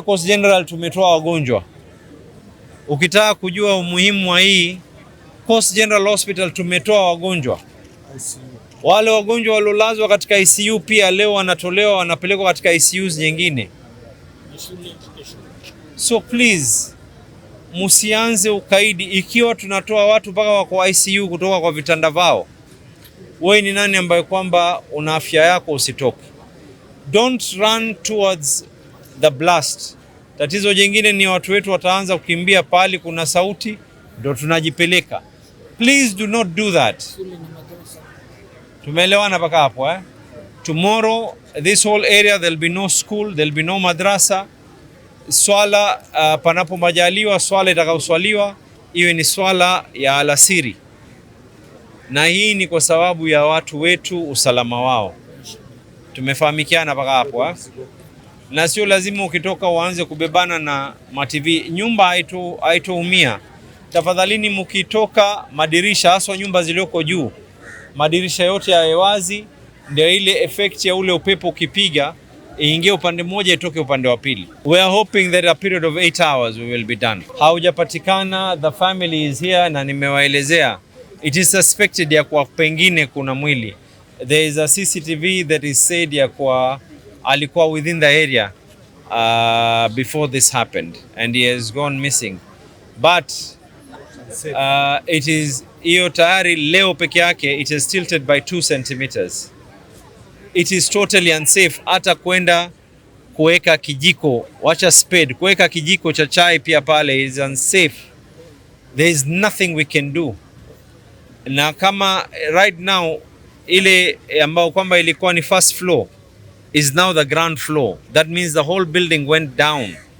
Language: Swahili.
Coast General tumetoa wagonjwa. Ukitaka kujua umuhimu wa hii Coast General Hospital, tumetoa wagonjwa. Wale wagonjwa waliolazwa katika ICU pia leo wanatolewa, wanapelekwa katika ICUs nyingine. So please musianze ukaidi, ikiwa tunatoa watu mpaka wako ICU kutoka kwa vitanda vao, wewe ni nani ambaye kwamba una afya yako usitoke? Don't run towards the blast. Tatizo jingine ni watu wetu wataanza kukimbia pale kuna sauti, ndio tunajipeleka. Please do not do that. Tumeelewana mpaka hapo eh? Tomorrow this whole area there'll be no school, there'll be no madrasa. Swala uh, panapo majaliwa swala itakaoswaliwa iwe ni swala ya alasiri, na hii ni kwa sababu ya watu wetu, usalama wao. Tumefahamikiana mpaka hapo eh? na sio lazima ukitoka uanze kubebana na mativi. Nyumba haitoumia. Tafadhalini, mkitoka madirisha, haswa nyumba zilizoko juu, madirisha yote yawe wazi, ndio ile effect ya ule upepo ukipiga iingie upande mmoja itoke upande wa pili. We are hoping that a period of 8 hours we will be done. Haujapatikana, the family is here na nimewaelezea it is suspected ya kwa pengine kuna mwili. There is a CCTV that is said ya kwa alikuwa within the area uh, before this happened and he has gone missing but uh, it is hiyo tayari leo peke yake it is tilted by 2 centimeters. It is totally unsafe hata kwenda kuweka kijiko, wacha spade, kuweka kijiko cha chai pia pale is unsafe. There is nothing we can do. Na kama right now ile ambayo kwamba ilikuwa ni first floor is now the ground floor. That means the whole building went down.